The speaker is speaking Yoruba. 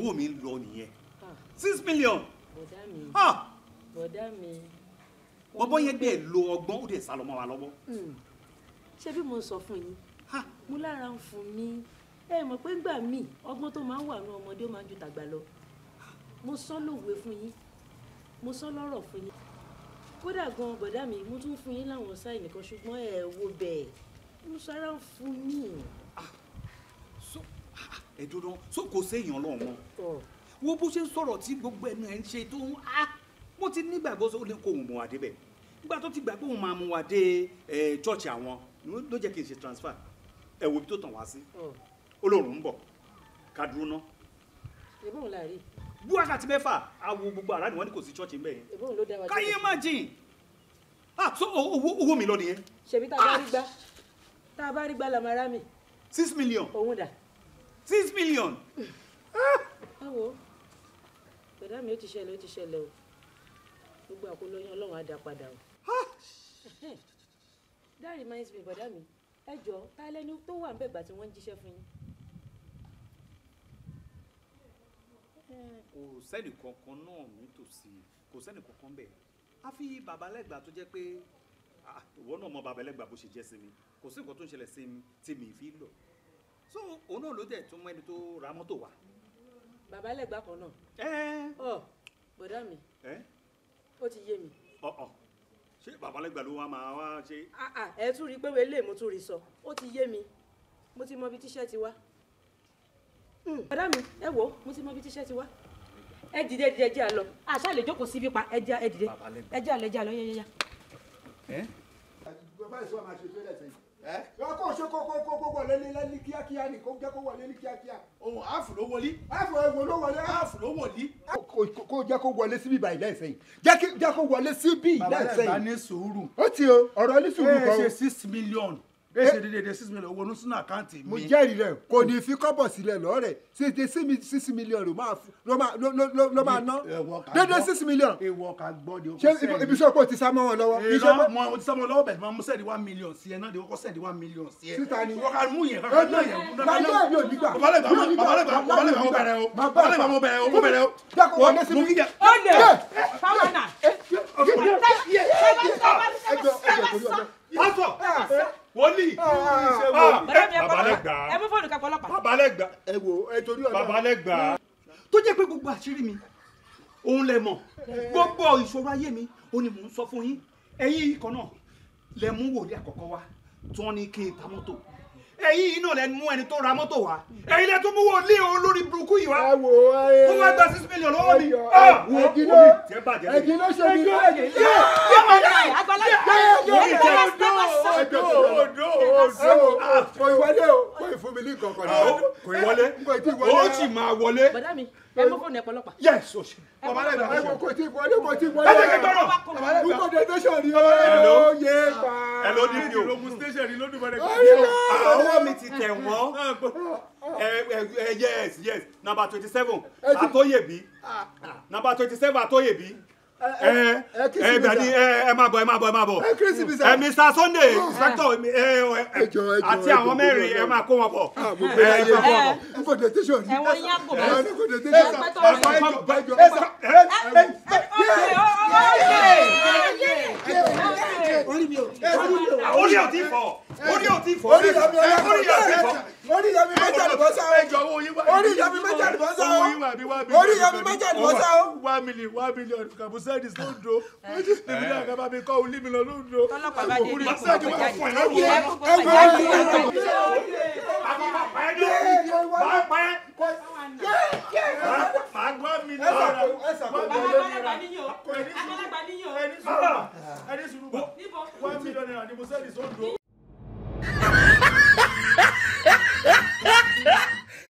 owó mi ń lọ nìyẹn six million. bọ̀dá mi bọ̀dá mi. bọ́bọ́ yẹn dẹ̀ lo ọgbọ́n ó dẹ̀ sá lọ́mọ wa lọ́wọ́. Hmm. ṣé bí mo sọ fún yín mo lára ń fún mi ẹ mọ̀ pé gbà mí ọgbọ́n tó máa ń wà ní ọmọdé ó máa ń ju tàgbà lọ mo sọ lówe fún yín mo sọ lọ́rọ̀ fún yín kódà gan bọ̀dá mi mo tún fún yín láwọn sáì nìkan ṣùgbọ́n ẹ wo bẹ́ẹ̀ mo sára ń fún yín ẹ dúró so kò séèyàn lọ́wọ́ wo bó ṣe ń sọ̀rọ̀ tí gbogbo ẹnu ẹ̀ ń ṣe tó ń á ah, mo ti nígbàgbọ́ sọ ó lè kó òun mọ̀ wá débẹ̀ nígbà tó ti gbàgbọ́ òun máa mú wa dé church àwọn ló jẹ́ kí n ṣe transfer ẹ wo ibi tó tàn wá sí Ọlọ́run ń bọ̀ ká dúró ná. ìbọn la rí. bú wákàtí mẹ́fà awo gbogbo àrà ni wọ́n ní kò sí church ń bẹ̀ yẹn. ìbọn ló dá wa jẹ́ káyé má jìn ah so owó owó mi lọ nìyẹn. ṣèbí tá a bá ah! rí gbá tá a bá rí gbá làmàrà mi. six million. òun dà six million. ẹ wo bẹ̀dá mi ó ti ṣẹlẹ̀ ó ti ṣẹlẹ̀ o gbogbo àkólóyún ọlọ́run á dá padà o. that reminds me bọ̀dá mi ẹ jọ ta lẹni tó wà níbẹ̀ gbà tí wọ́n ń jíṣẹ́ fún yín. kò sẹ́nì kankan náà nítòsí kò sẹ́nì kankan bẹ́ẹ̀ á fi babalẹ́gbà tó jẹ́ pé ah, ìwọ náà mọ babalẹ́gbà bó ṣe jẹ́ sí mi kò sí nǹkan tó ń ṣẹlẹ̀ sí mi tí mi fi lọ so òun náà ló dẹ̀ tún mọ ẹni tó ra mọ́tò wa. bàbá ẹlẹgbà kan náà. ẹ ọ bọ̀dá mi. ẹ ó ti yé mi. ọ ọ ṣé bàbá ẹlẹgbà ló wá máa wá ṣe. ẹ tún rí i pé wẹ́lẹ́ mo tún rí i sọ ó ti yé mi mo ti mọ ibi tíṣẹ́ ti wá. Hmm, mi ẹ wo mo ti mọ ibi tíṣẹ́ ti ẹ dìde ẹ dìde ẹ jẹ́ àlọ́ àṣà lè jókòó síbí pa ẹ dìde ẹ jẹ́ àlọ́ ẹ jẹ́ àlọ́ yẹ́yẹ́yẹ́. ẹ bàbá ìṣọ́ máa ṣe fẹ́rẹ̀ sẹ́yìn kó kó kó wọlé ní kíákíá ni kó jẹ́ kó wọlé ní kíákíá. òun áàfù ló wọlé. áàfù èwo ló wọlé. áàfù ló wọlé. kó jẹ́ kó wọlé síbí ìbàyí lẹ́sẹ̀ jẹ́ kó wọlé síbí ìbàyí lẹ́sẹ̀ bàbá rẹ̀ bá ní sùúrù. ó ti o ọ̀rọ̀ ní sùúrù kan. ẹ ṣe six million èsì dídé de six million owó nínú àkáǹtì mi. mo jẹ́rìí rẹ̀ kò ní fi kọ́bọ̀ sílẹ̀ lọ́rẹ̀ síde six million ló máa ló máa ná dédé six million. ìwọ ká gbọ́ de o kò sẹ́ẹ̀dì. ṣé ibi sọ́kò ti sá mọ́ wọn lọ́wọ́. ìrọ mọ ti sá mọ́ lọ́wọ́ bẹ̀rẹ̀ mo sẹ́ẹ̀dì one million sí ẹ náà de o kò sẹ́ẹ̀dì one million sí ẹ. síta ni wọ́n ká mú yẹn kọ́kọ́ náà yẹn. láyé mi ò ní gbà. babalẹ̀ mo bẹ̀rẹ̀ o mo bẹ̀rẹ̀ o. dákọ̀ wọlé sí mi. ó lè babalẹ́gbà. ẹ wo ẹ torí ọ̀dọ́. babalẹ́gbà. tó jẹ́ pé gbogbo àṣírí mi òun lẹ mọ̀ gbogbo ìṣòro ayé mi òun ni mò ń sọ fún yín ẹ̀yin ikọ̀ náà lẹ mú wòlíì àkọ́kọ́ wa tí wọ́n ní kí n ta mọ́tò ẹ̀yin yìí náà lẹ mú ẹni tó ra mọ́tò wá ẹ̀yin lẹ tún mú wọn lé òun lórí burúkú yìí wá ó wá gba six million lọ́wọ́ mi. ẹ̀gín ló ẹ̀gín ló ṣe mí lóye. yé yé ma dá yé yé yé yé odò odò odò kò ìwọlé o kò ìfúnmi ní kankan náà ah! kò ìwọlé o sì máa wọlé. bàdá mi ẹ mọ fóònù ẹpọlọpà. yes o ṣe. ọmọlẹ́gbẹ̀ẹ́ kò tí ì wọlé kò tí ì wọlé. ẹ jẹ́ kí n gbọ́dọ̀. ọmọlẹ́gbẹ̀ẹ́ kò tí ì wọlé ẹ ló ní bí o mi ti tẹ̀ wọ́n ah, yes yes number twenty seven àtọ́yẹ̀bí ah. number twenty seven àtọ́yẹ̀bí ẹ ẹ gbani ẹ ẹ máa bọ̀ ẹ máa bọ̀ ẹ máa bọ̀ ẹ Mr Sunday ah. inspector ẹ ẹ àti àwọn mẹ́rin ẹ máa kó wọn pọ̀ ẹ ẹ máa kó wọn pọ̀. ẹwọn yàgò bá ẹ pẹtọ rẹ. orí òtí fọ orí ìyá mi ọlọ́kùnrin rẹ̀ orí ìyá mi mẹ́ta àlùbọ́sà o orí ìyá mi mẹ́ta àlùbọ́sà o orí ìyá mi mẹ́ta àlùbọ́sà o. one million one million kàbù sẹ́ẹ̀dìs ló ń do níbi eh. náà kàbá mi kọ́ olí mi lọ ló ń do. tọ́lọ́pàá bá dé ìlú kò kọjá ní ẹ kó One million naira ni mo sẹ́ni sóńdó.